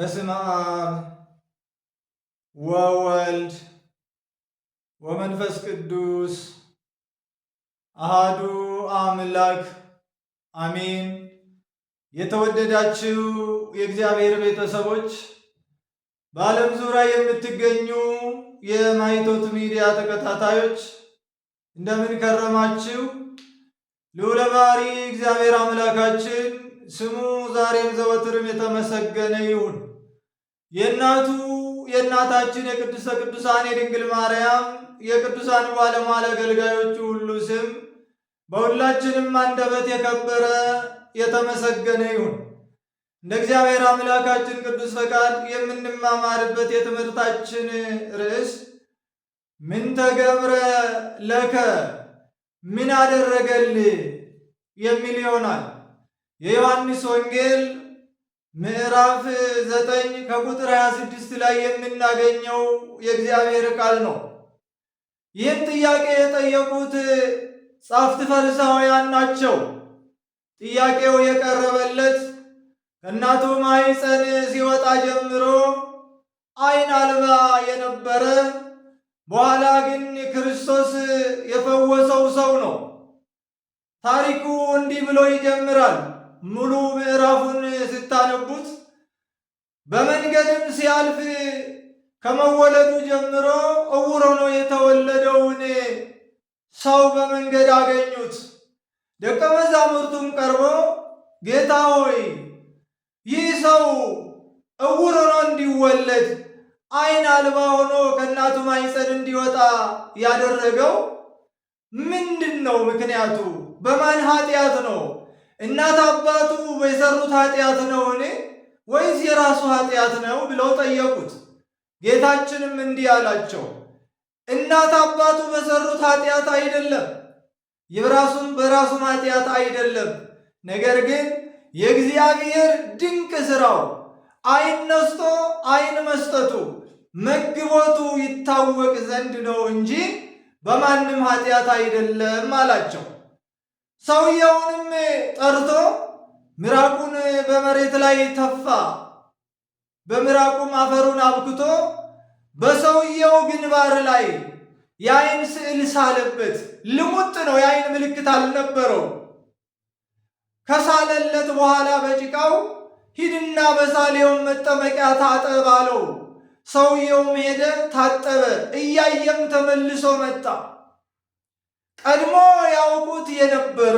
በስመ አብ ወወልድ ወመንፈስ ቅዱስ አሃዱ አምላክ አሜን። የተወደዳችሁ የእግዚአብሔር ቤተሰቦች በዓለም ዙሪያ የምትገኙ የማይቶት ሚዲያ ተከታታዮች እንደምን ከረማችሁ? ልዑለ ባሕርይ እግዚአብሔር አምላካችን ስሙ ዛሬም ዘወትርም የተመሰገነ ይሁን። የእናቱ የእናታችን የቅድስተ ቅዱሳን የድንግል ማርያም የቅዱሳን ባለሟል አገልጋዮቹ ሁሉ ስም በሁላችንም አንደበት የከበረ የተመሰገነ ይሁን። እንደ እግዚአብሔር አምላካችን ቅዱስ ፈቃድ የምንማማርበት የትምህርታችን ርዕስ ምን ተገብረ ለከ ምን አደረገልህ የሚል ይሆናል። የዮሐንስ ወንጌል ምዕራፍ ዘጠኝ ከቁጥር 26 ላይ የምናገኘው የእግዚአብሔር ቃል ነው። ይህን ጥያቄ የጠየቁት ጻፍት ፈሪሳውያን ናቸው። ጥያቄው የቀረበለት ከእናቱ ማኅፀን ሲወጣ ጀምሮ ዓይን አልባ የነበረ በኋላ ግን ክርስቶስ የፈወሰው ሰው ነው። ታሪኩ እንዲህ ብሎ ይጀምራል። ሙሉ ምዕራፉን ስታነቡት በመንገድም ሲያልፍ ከመወለዱ ጀምሮ እውር ሆኖ የተወለደውን ሰው በመንገድ አገኙት። ደቀ መዛሙርቱም ቀርቦ ጌታ ሆይ ይህ ሰው እውር ነው እንዲወለድ ዓይን አልባ ሆኖ ከእናቱ ማኅፀን እንዲወጣ ያደረገው ምንድን ነው? ምክንያቱ በማን ኃጢአት ነው? እናት አባቱ የሰሩት ኃጢአት ነው እኔ ወይስ የራሱ ኃጢአት ነው ብለው ጠየቁት። ጌታችንም እንዲህ አላቸው፣ እናት አባቱ በሰሩት ኃጢአት አይደለም የራሱም በራሱም ኃጢአት አይደለም። ነገር ግን የእግዚአብሔር ድንቅ ሥራው ዓይን ነስቶ ዓይን መስጠቱ መግቦቱ ይታወቅ ዘንድ ነው እንጂ በማንም ኃጢአት አይደለም አላቸው። ሰውየውንም ጠርቶ ምራቁን በመሬት ላይ ተፋ። በምራቁም አፈሩን አብክቶ በሰውየው ግንባር ላይ የአይን ስዕል ሳለበት። ልሙጥ ነው፣ የአይን ምልክት አልነበረው። ከሳለለት በኋላ በጭቃው ሂድና በሳሌውን መጠመቂያ ታጠብ አለው። ሰውየውም ሄደ ታጠበ፣ እያየም ተመልሶ መጣ። ቀድሞ ያውቁት የነበረ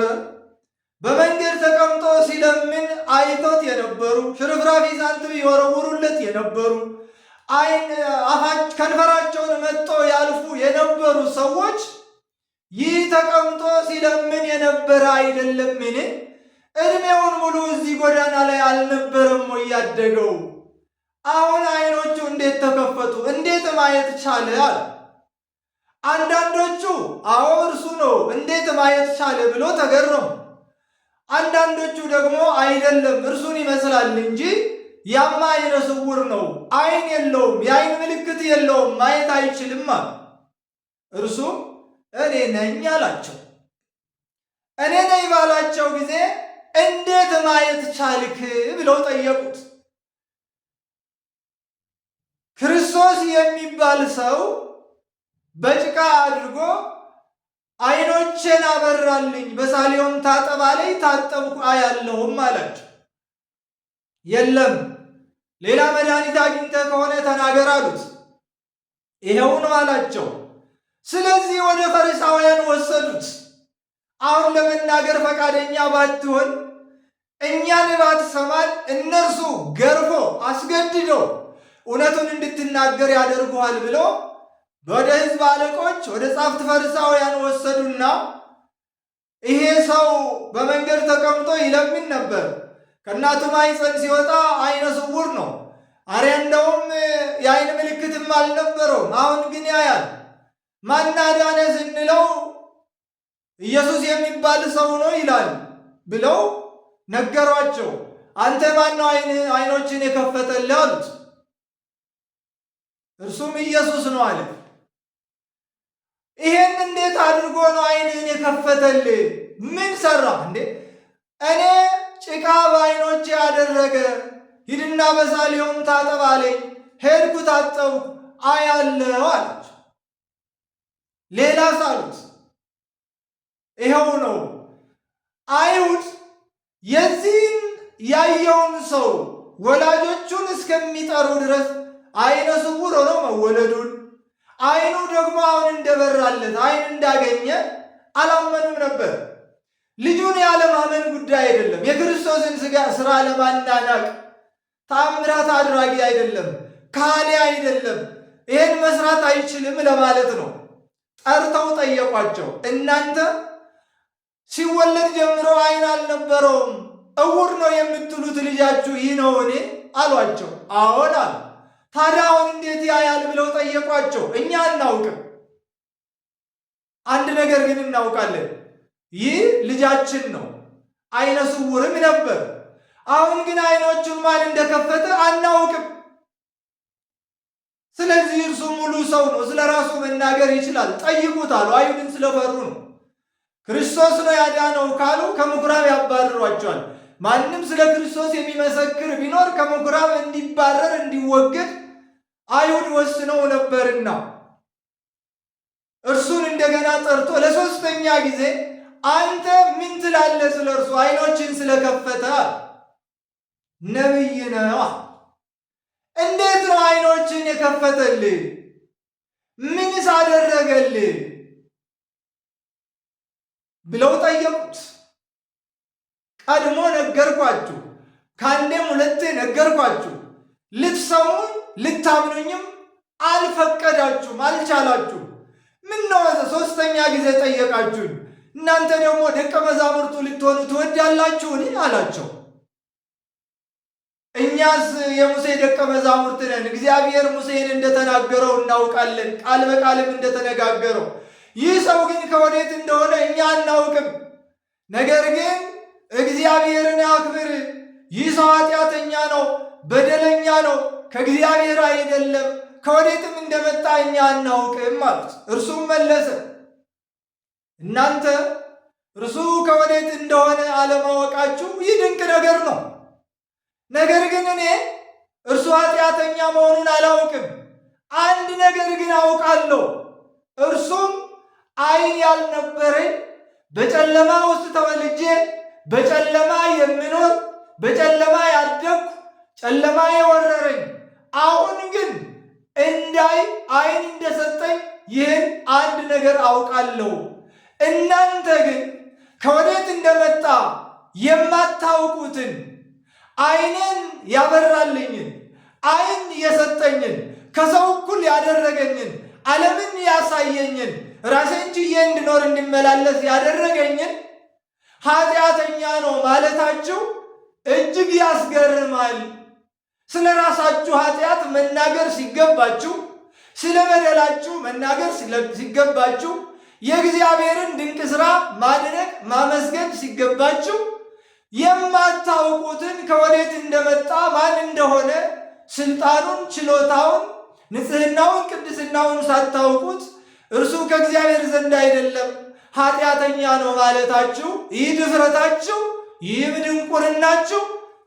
በመንገድ ተቀምጦ ሲለምን አይቶት የነበሩ ሽርፍራፊ ሳንቲም ይወረውሩለት የነበሩ ከንፈራቸውን መጥጦ ያልፉ የነበሩ ሰዎች ይህ ተቀምጦ ሲለምን የነበረ አይደለምን? እድሜውን ሙሉ እዚህ ጎዳና ላይ አልነበረም እያደገው? አሁን አይኖቹ እንዴት ተከፈቱ? እንዴት ማየት ቻለ? አንዳንዶቹ አዎ እርሱ ነው እንዴት ማየት ቻለ ብሎ ተገረሙ። አንዳንዶቹ ደግሞ አይደለም እርሱን ይመስላል እንጂ ያማ አይነ ስውር ነው፣ አይን የለውም፣ የአይን ምልክት የለውም፣ ማየት አይችልም አሉ። እርሱም እኔ ነኝ አላቸው። እኔ ነኝ ባላቸው ጊዜ እንዴት ማየት ቻልክ ብለው ጠየቁት። ክርስቶስ የሚባል ሰው በጭቃ አድርጎ አይኖቼን አበራልኝ፣ በሳሌዮም ታጠባ ላይ ታጠብኩ አያለሁም አላቸው። የለም ሌላ መድኃኒት አግኝተህ ከሆነ ተናገር አሉት። ይኸው ነው አላቸው። ስለዚህ ወደ ፈሪሳውያን ወሰዱት። አሁን ለመናገር ፈቃደኛ ባትሆን እኛን ባትሰማን እነርሱ ገርፎ አስገድዶ እውነቱን እንድትናገር ያደርጉሃል ብለው ወደ ህዝብ አለቆች ወደ ጻፍት ፈሪሳውያን ወሰዱና ይሄ ሰው በመንገድ ተቀምጦ ይለምን ነበር። ከእናቱ ማኅፀን ሲወጣ አይነ ስውር ነው። አሪያ እንደውም የአይን ምልክትም አልነበረውም። አሁን ግን ያያል። ማን አዳነ ስንለው ኢየሱስ የሚባል ሰው ነው ይላል ብለው ነገሯቸው። አንተ ማነው አይኖችን የከፈተልህ አሉት። እርሱም ኢየሱስ ነው አለ። ይሄን እንዴት አድርጎ ነው አይንህን የከፈተልህ? ምን ሰራ እንዴ? እኔ ጭቃ በአይኖቼ ያደረገ ሂድና በዛ ታጠብ አለኝ። ሄድኩ ታጠው አያለው አለች። ሌላ ሳሉት ይኸው ነው። አይሁድ የዚህን ያየውን ሰው ወላጆቹን እስከሚጠሩ ድረስ አይነ ስውር ሆኖ መወለዱን አይኑ ደግሞ አሁን እንደበራለት አይን እንዳገኘ አላመኑም ነበር። ልጁን ያለማመን ጉዳይ አይደለም። የክርስቶስን ስጋ ስራ ለማናናቅ ታምራት አድራጊ አይደለም፣ ካህሌ አይደለም፣ ይህን መስራት አይችልም ለማለት ነው። ጠርተው ጠየቋቸው። እናንተ ሲወለድ ጀምሮ አይን አልነበረውም፣ እውር ነው የምትሉት ልጃችሁ ይህ ነው እኔ አሏቸው። አዎን አሉ። ታዲያ አሁን እንዴት ያያል ብለው ጠየቋቸው። እኛ አናውቅም፣ አንድ ነገር ግን እናውቃለን። ይህ ልጃችን ነው፣ አይነ ስውርም ነበር። አሁን ግን አይኖቹን ማን እንደከፈተ አናውቅም። ስለዚህ እርሱ ሙሉ ሰው ነው፣ ስለ ራሱ መናገር ይችላል። ጠይቁት አሉ። አይሁድን ስለፈሩ ነው። ክርስቶስ ነው ያዳነው ካሉ ከምኩራብ ያባርሯቸዋል። ማንም ስለ ክርስቶስ የሚመሰክር ቢኖር ከምኩራብ እንዲባረር እንዲወገድ አይሁድ ወስነው ነበርና እርሱን እንደገና ጠርቶ ለሶስተኛ ጊዜ አንተ ምን ትላለህ? ስለ እርሱ አይኖችን ስለከፈተ ነብይ ነዋ። እንዴት ነው አይኖችን የከፈተልህ? ምንስ አደረገልህ? ብለው ጠየቁት። ቀድሞ ነገርኳችሁ፣ ከአንዴም ሁለቴ ነገርኳችሁ። ልትሰሙኝ ልታምኑኝም አልፈቀዳችሁም፣ አልቻላችሁም። ምነው ሶስተኛ ጊዜ ጠየቃችሁኝ። እናንተ ደግሞ ደቀ መዛሙርቱ ልትሆኑ ትወዳላችሁን? አላቸው። እኛስ የሙሴ ደቀ መዛሙርት ነን። እግዚአብሔር ሙሴን እንደተናገረው እናውቃለን፣ ቃል በቃልም እንደተነጋገረው። ይህ ሰው ግን ከወዴት እንደሆነ እኛ አናውቅም። ነገር ግን እግዚአብሔርን አክብር። ይህ ሰው ኃጢአተኛ ነው፣ በደለኛ ነው፣ ከእግዚአብሔር አይደለም፣ ከወዴትም እንደመጣ እኛ አናውቅም አሉት። እርሱም መለሰ እናንተ እርሱ ከወዴት እንደሆነ አለማወቃችሁ ይህ ድንቅ ነገር ነው። ነገር ግን እኔ እርሱ ኃጢአተኛ መሆኑን አላውቅም። አንድ ነገር ግን አውቃለሁ፣ እርሱም ዓይን ያልነበረኝ በጨለማ ውስጥ ተወልጄ በጨለማ የምኖር በጨለማ ያደግኩ ጨለማ የወረረኝ አሁን ግን እንዳይ አይን እንደሰጠኝ ይህን አንድ ነገር አውቃለሁ። እናንተ ግን ከወዴት እንደመጣ የማታውቁትን አይንን ያበራልኝን አይን የሰጠኝን ከሰው እኩል ያደረገኝን ዓለምን ያሳየኝን ራሴን ችዬ እንድኖር እንድመላለስ ያደረገኝን ኃጢአተኛ ነው ማለታችሁ እጅግ ያስገርማል። ስለ ራሳችሁ ኃጢአት መናገር ሲገባችሁ፣ ስለ በደላችሁ መናገር ሲገባችሁ፣ የእግዚአብሔርን ድንቅ ሥራ ማድነቅ ማመስገን ሲገባችሁ፣ የማታውቁትን ከወዴት እንደመጣ ማን እንደሆነ ስልጣኑን፣ ችሎታውን፣ ንጽህናውን ቅድስናውን ሳታውቁት እርሱ ከእግዚአብሔር ዘንድ አይደለም ኃጢአተኛ ነው ማለታችሁ፣ ይህ ድፍረታችሁ፣ ይህም ድንቁርናችሁ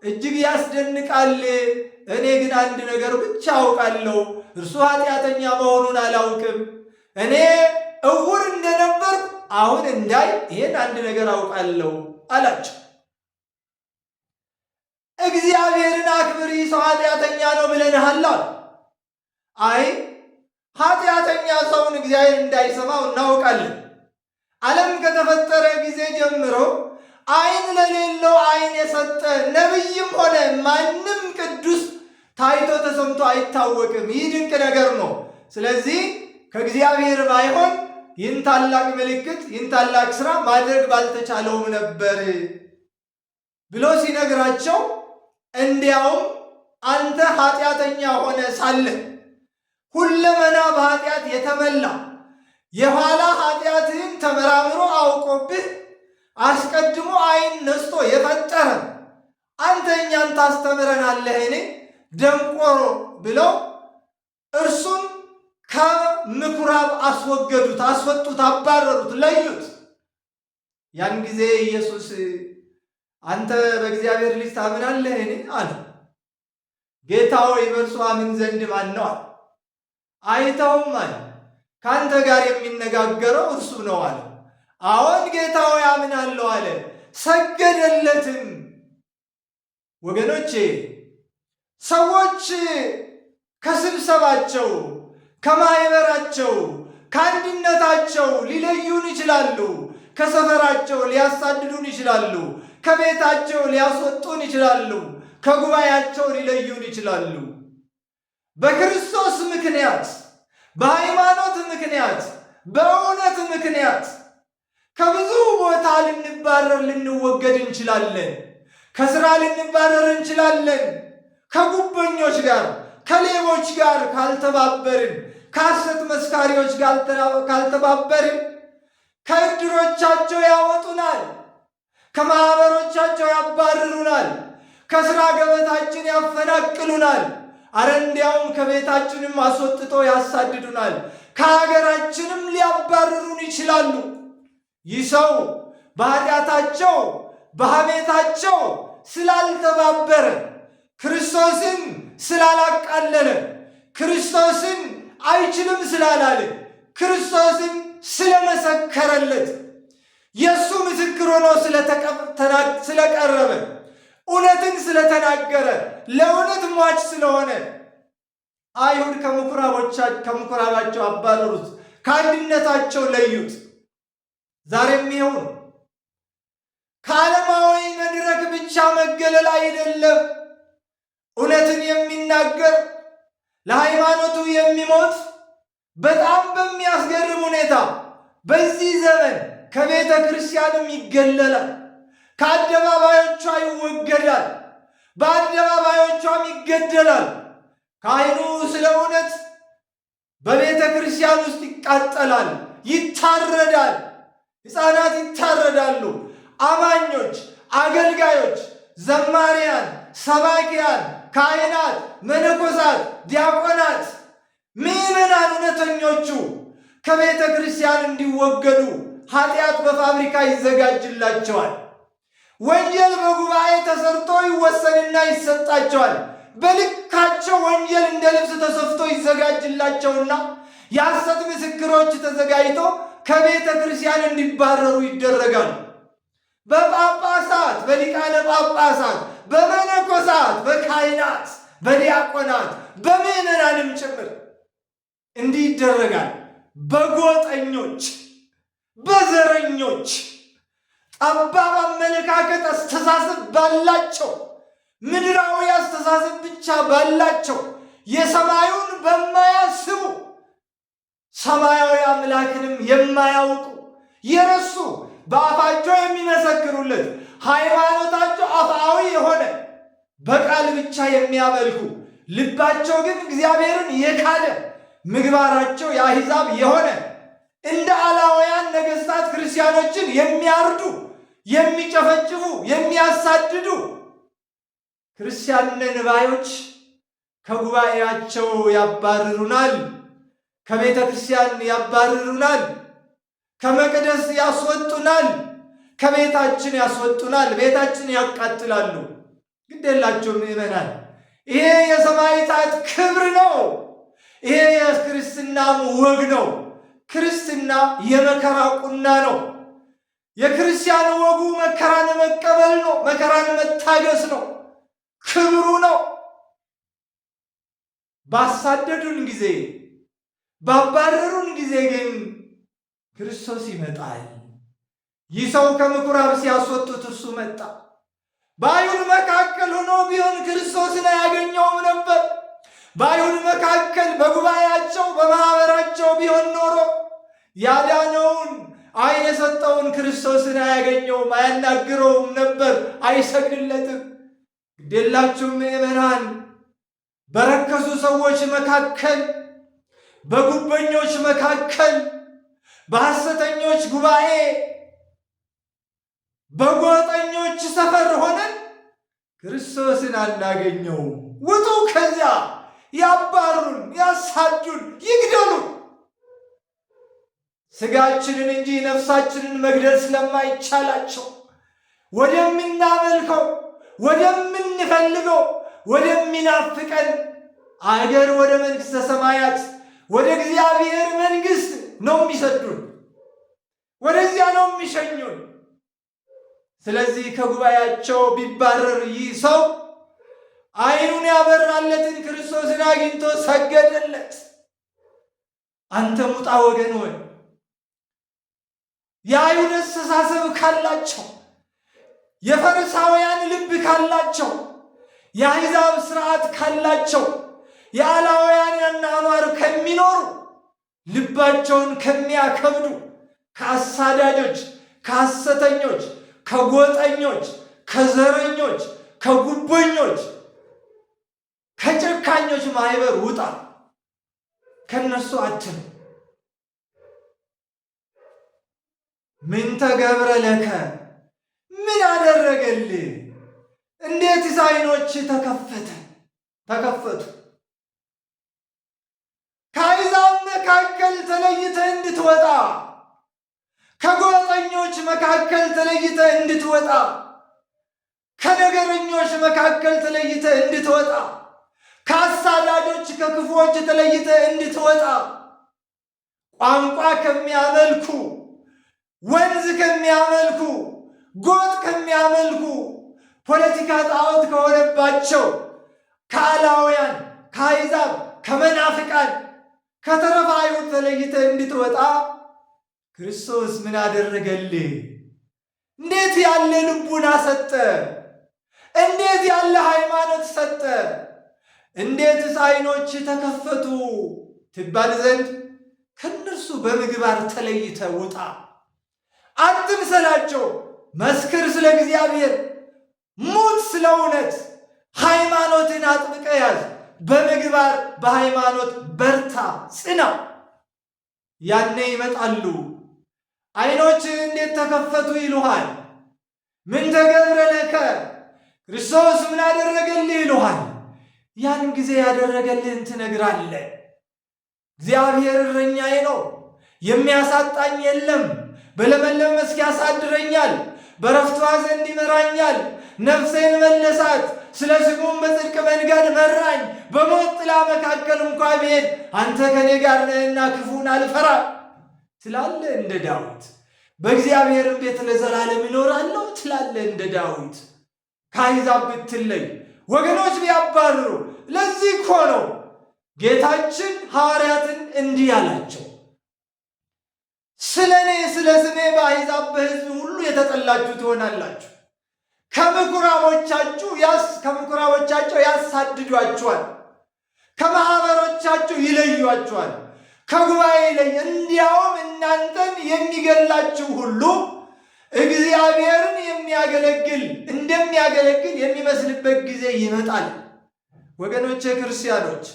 እጅግ ያስደንቃል። እኔ ግን አንድ ነገር ብቻ አውቃለሁ፣ እርሱ ኃጢአተኛ መሆኑን አላውቅም። እኔ እውር እንደነበር አሁን እንዳይ ይህን አንድ ነገር አውቃለሁ አላቸው። እግዚአብሔርን ይህ ሰው ኃጢአተኛ ነው ብለንሃል አሉ። አይ ኃጢአተኛ ሰውን እግዚአብሔር እንዳይሰማው እናውቃለን ዓለም ከተፈጠረ ጊዜ ጀምሮ ዓይን ለሌለው ዓይን የሰጠ ነቢይም ሆነ ማንም ቅዱስ ታይቶ ተሰምቶ አይታወቅም። ይህ ድንቅ ነገር ነው። ስለዚህ ከእግዚአብሔር ባይሆን ይህን ታላቅ ምልክት ይህን ታላቅ ስራ ማድረግ ባልተቻለውም ነበር ብሎ ሲነግራቸው እንዲያውም አንተ ኃጢአተኛ ሆነ ሳለህ ሁለመና በኃጢአት የተመላ የኋላ ኃጢአትህን ተመራምሮ አውቆብህ አስቀድሞ ዓይን ነስቶ የፈጠረ አንተ እኛን ታስተምረናለህን? ደንቆሮ ብለው እርሱን ከምኩራብ አስወገዱት፣ አስወጡት፣ አባረሩት፣ ለዩት። ያን ጊዜ ኢየሱስ አንተ በእግዚአብሔር ልጅ ታምናለህን? አለ። ጌታ ሆይ በእርሱ አምን ዘንድ ማን ነው? አይተውም አለ ከአንተ ጋር የሚነጋገረው እርሱ ነው አለ። አዎን ጌታው ያምናለሁ አለ። ሰገደለትም። ወገኖቼ ሰዎች ከስብሰባቸው ከማህበራቸው ከአንድነታቸው ሊለዩን ይችላሉ። ከሰፈራቸው ሊያሳድዱን ይችላሉ። ከቤታቸው ሊያስወጡን ይችላሉ። ከጉባኤያቸው ሊለዩን ይችላሉ። በክርስቶስ ምክንያት በሃይማኖት ምክንያት በእውነት ምክንያት ከብዙ ቦታ ልንባረር ልንወገድ እንችላለን። ከስራ ልንባረር እንችላለን። ከጉበኞች ጋር ከሌቦች ጋር ካልተባበርን፣ ከሐሰት መስካሪዎች ጋር ካልተባበርን ከእድሮቻቸው ያወጡናል፣ ከማኅበሮቻቸው ያባርሩናል፣ ከሥራ ገበታችን ያፈናቅሉናል። አረ እንዲያውም ከቤታችንም አስወጥቶ ያሳድዱናል፣ ከሀገራችንም ሊያባርሩን ይችላሉ። ይህ ሰው በኃጢአታቸው በሀቤታቸው ስላልተባበረ ክርስቶስን ስላላቃለለ ክርስቶስን አይችልም ስላላለ ክርስቶስን ስለመሰከረለት የእሱ ምስክር ሆኖ ስለቀረበ እውነትን ስለተናገረ ለእውነት ሟች ስለሆነ አይሁድ ከምኩራባቸው አባረሩት፣ ከአንድነታቸው ለዩት። ዛሬም ይኸው ነው። ከዓለማዊ መድረክ ብቻ መገለል አይደለም። እውነትን የሚናገር ለሃይማኖቱ የሚሞት በጣም በሚያስገርም ሁኔታ በዚህ ዘመን ከቤተ ክርስቲያንም ይገለላል፣ ከአደባባዮቿ ይወገዳል። በአደባባዮቿም ይገደላል። ካህኑ ስለ እውነት በቤተ ክርስቲያን ውስጥ ይቃጠላል፣ ይታረዳል። ሕፃናት ይታረዳሉ። አማኞች፣ አገልጋዮች፣ ዘማሪያን፣ ሰባኪያን፣ ካህናት፣ መነኮሳት፣ ዲያቆናት፣ ምዕመናን እውነተኞቹ ከቤተ ክርስቲያን እንዲወገዱ ኃጢአት በፋብሪካ ይዘጋጅላቸዋል። ወንጀል በጉባኤ ተሰርቶ ይወሰንና ይሰጣቸዋል። በልካቸው ወንጀል እንደ ልብስ ተሰፍቶ ይዘጋጅላቸውና የሐሰት ምስክሮች ተዘጋጅተው ከቤተ ክርስቲያን እንዲባረሩ ይደረጋል። በጳጳሳት፣ በሊቃነ ጳጳሳት፣ በመነኮሳት፣ በካህናት፣ በዲያቆናት፣ በምዕመናንም ጭምር እንዲህ ይደረጋል። በጎጠኞች፣ በዘረኞች ጠባብ አመለካከት አስተሳሰብ ባላቸው ምድራዊ አስተሳሰብ ብቻ ባላቸው የሰማዩን በማያስቡ ሰማያዊ አምላክንም የማያውቁ የረሱ በአፋቸው የሚመሰክሩለት ሃይማኖታቸው አፍአዊ የሆነ በቃል ብቻ የሚያመልኩ ልባቸው ግን እግዚአብሔርን የካደ ምግባራቸው የአሕዛብ የሆነ እንደ አላውያን ነገሥታት ክርስቲያኖችን የሚያርዱ የሚጨፈጭፉ የሚያሳድዱ ክርስቲያን ንባዮች ባዮች ከጉባኤያቸው ያባርሩናል፣ ከቤተ ክርስቲያን ያባርሩናል፣ ከመቅደስ ያስወጡናል፣ ከቤታችን ያስወጡናል፣ ቤታችን ያቃጥላሉ። ግድ የላቸውም ምዕመናን። ይሄ የሰማዕታት ክብር ነው። ይሄ የክርስትናም ወግ ነው። ክርስትና የመከራ ቁና ነው። የክርስቲያን ወጉ መከራን መቀበል ነው። መከራን መታገስ ነው። ክብሩ ነው። ባሳደዱን ጊዜ፣ ባባረሩን ጊዜ ግን ክርስቶስ ይመጣል። ይህ ሰው ከምኩራብ ሲያስወጡት እርሱ መጣ። በአይሁድ መካከል ሆኖ ቢሆን ክርስቶስን አያገኘውም ነበር። በአይሁድ መካከል በጉባኤያቸው በማኅበራቸው ቢሆን ኖሮ ያዳነውን የሰጠውን ክርስቶስን አያገኘውም፣ አያናግረውም ነበር፣ አይሰግድለትም። ግዴላችሁ ምእመናን በረከሱ ሰዎች መካከል፣ በጉበኞች መካከል፣ በሐሰተኞች ጉባኤ፣ በጎጠኞች ሰፈር ሆነን ክርስቶስን አናገኘውም። ውጡ! ከዚያ ያባሩን፣ ያሳዱን፣ ይግደሉን። ስጋችንን እንጂ ነፍሳችንን መግደል ስለማይቻላቸው ወደምናመልከው ወደምንፈልገው ወደሚናፍቀን አገር ወደ መንግሥተ ሰማያት ወደ እግዚአብሔር መንግሥት ነው የሚሰዱን፣ ወደዚያ ነው የሚሸኙን። ስለዚህ ከጉባኤያቸው ቢባረር ይህ ሰው ዓይኑን ያበራለትን ክርስቶስን አግኝቶ ሰገደለት። አንተ ሙጣ ወገን ሆይ የአይሁድ አስተሳሰብ ካላቸው፣ የፈሪሳውያን ልብ ካላቸው፣ የአሕዛብ ስርዓት ካላቸው፣ የአላውያን አኗኗር ከሚኖሩ ልባቸውን ከሚያከብዱ ከአሳዳጆች፣ ከሐሰተኞች፣ ከጎጠኞች፣ ከዘረኞች፣ ከጉቦኞች፣ ከጨካኞች ማህበር ውጣ፣ ከነሱ አትነ ምን ተገብረ ለከ ምን አደረገልህ? እንዴትስ አይኖች ተከፈተ ተከፈቱ? ከአሕዛብ መካከል ተለይተህ እንድትወጣ ከጎጠኞች መካከል ተለይተህ እንድትወጣ ከነገረኞች መካከል ተለይተህ እንድትወጣ ከአሳዳጆች ከክፉዎች ተለይተህ እንድትወጣ ቋንቋ ከሚያመልኩ ወንዝ ከሚያመልኩ ጎጥ ከሚያመልኩ ፖለቲካ ጣዖት ከሆነባቸው ከአላውያን፣ ከአይዛብ፣ ከመናፍቃን ከተረፈ አይሁድ እንድትወጣ ክርስቶስ ምን አደረገልህ? እንዴት ያለ ልቡና ሰጠ? እንዴት ያለ ሃይማኖት ሰጠ? እንዴትስ አይኖች ተከፈቱ? ትባል ዘንድ ከእነርሱ በምግባር ተለይተ ውጣ። አትምሰላቸው። መስክር ስለ እግዚአብሔር፣ ሙት ስለ እውነት። ሃይማኖትን አጥብቀ ያዝ። በምግባር በሃይማኖት በርታ፣ ጽና። ያኔ ይመጣሉ። ዓይኖች እንዴት ተከፈቱ ይሉሃል። ምን ተገብረ ለከ ክርስቶስ ምን አደረገልህ ይሉሃል። ያን ጊዜ ያደረገልህን ትነግራለህ። እግዚአብሔር እረኛዬ ነው፣ የሚያሳጣኝ የለም በለመለመ መስክ ያሳድረኛል፣ በረፍቷ ዘንድ ይመራኛል። ነፍሴን መለሳት፣ ስለ ስሙም በጽድቅ መንገድ መራኝ። በሞት ጥላ መካከል እንኳ ብሄድ አንተ ከኔ ጋር ነህና ክፉን አልፈራ ትላለ እንደ ዳዊት። በእግዚአብሔርም ቤት ለዘላለም እኖራለሁ ትላለ እንደ ዳዊት። ከአሕዛብ ብትለይ ወገኖች ቢያባርሩ፣ ለዚህ እኮ ነው ጌታችን ሐዋርያትን እንዲህ አላቸው ስለ እኔ ስለ ስሜ በአሕዛብ በሕዝብ ሁሉ የተጠላችሁ ትሆናላችሁ። ከምኩራቦቻችሁ ከምኩራቦቻቸው ያሳድዷችኋል፣ ከማኅበሮቻችሁ ይለዩአችኋል፣ ከጉባኤ ይለይ። እንዲያውም እናንተን የሚገላችሁ ሁሉ እግዚአብሔርን የሚያገለግል እንደሚያገለግል የሚመስልበት ጊዜ ይመጣል። ወገኖቼ ክርስቲያኖች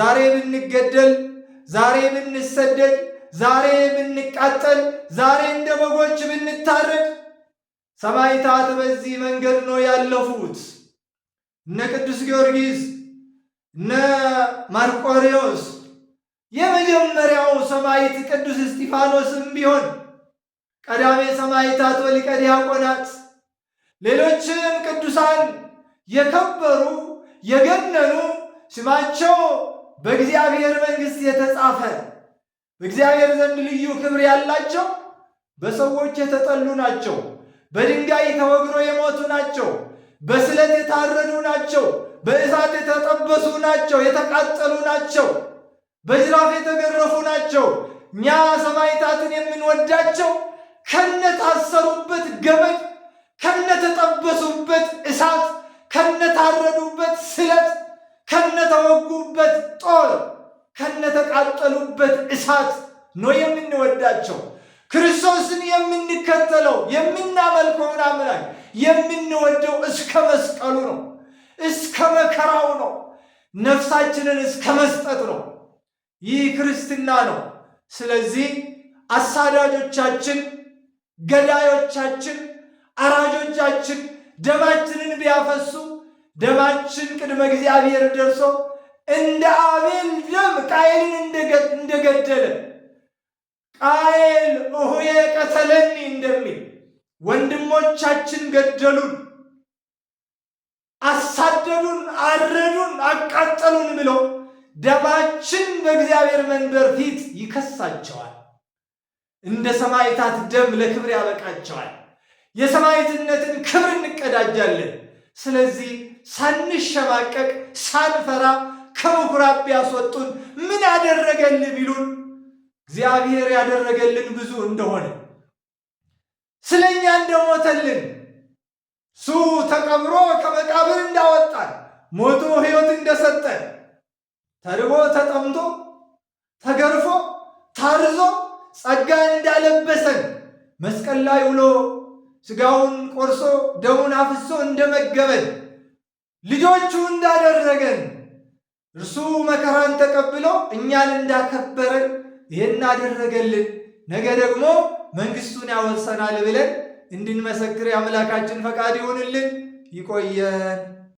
ዛሬ ብንገደል ዛሬ ብንሰደድ፣ ዛሬ ብንቃጠል፣ ዛሬ እንደ በጎች ብንታረድ ሰማዕታት በዚህ መንገድ ነው ያለፉት። እነ ቅዱስ ጊዮርጊስ እነ ማርቆሬዎስ የመጀመሪያው ሰማዕት ቅዱስ እስጢፋኖስም ቢሆን ቀዳሜ ሰማዕታት ወሊቀ ዲያቆናት ሌሎችም ቅዱሳን የከበሩ የገነኑ ስማቸው በእግዚአብሔር መንግሥት የተጻፈ በእግዚአብሔር ዘንድ ልዩ ክብር ያላቸው በሰዎች የተጠሉ ናቸው። በድንጋይ ተወግሮ የሞቱ ናቸው። በስለት የታረዱ ናቸው። በእሳት የተጠበሱ ናቸው፣ የተቃጠሉ ናቸው፣ በጅራፍ የተገረፉ ናቸው። እኛ ሰማይታትን የምንወዳቸው ከነታሰሩበት ገመድ፣ ከነተጠበሱበት እሳት፣ ከነታረዱበት ስለት ከነተወጉበት ጦር ከነተቃጠሉበት እሳት ነው የምንወዳቸው። ክርስቶስን የምንከተለው የምናመልከውን አምላክ የምንወደው እስከ መስቀሉ ነው፣ እስከ መከራው ነው፣ ነፍሳችንን እስከ መስጠት ነው። ይህ ክርስትና ነው። ስለዚህ አሳዳጆቻችን፣ ገዳዮቻችን፣ አራጆቻችን ደማችንን ቢያፈሱ ደማችን ቅድመ እግዚአብሔር ደርሶ እንደ አቤል ደም ቃየልን እንደገደለ ቃየል እሁዬ ቀተለኒ እንደሚል ወንድሞቻችን ገደሉን፣ አሳደዱን፣ አረዱን፣ አቃጠሉን ብሎ ደማችን በእግዚአብሔር መንበር ፊት ይከሳቸዋል። እንደ ሰማይታት ደም ለክብር ያበቃቸዋል። የሰማይትነትን ክብር እንቀዳጃለን። ስለዚህ ሳንሸማቀቅ ሳንፈራ ከምኩራብ ቢያስወጡን ምን ያደረገልን ቢሉን እግዚአብሔር ያደረገልን ብዙ እንደሆነ ስለኛ እንደሞተልን እሱ ተቀብሮ ከመቃብር እንዳወጣን ሞቶ ሕይወት እንደሰጠን ተርቦ ተጠምቶ ተገርፎ ታርዞ ጸጋን እንዳለበሰን መስቀል ላይ ውሎ ሥጋውን ቆርሶ ደሙን አፍሶ እንደመገበን ልጆቹ እንዳደረገን እርሱ መከራን ተቀብሎ እኛን እንዳከበረን ይህን አደረገልን፣ ነገ ደግሞ መንግስቱን ያወርሰናል ብለን እንድንመሰክር የአምላካችን ፈቃድ ይሁንልን። ይቆየን።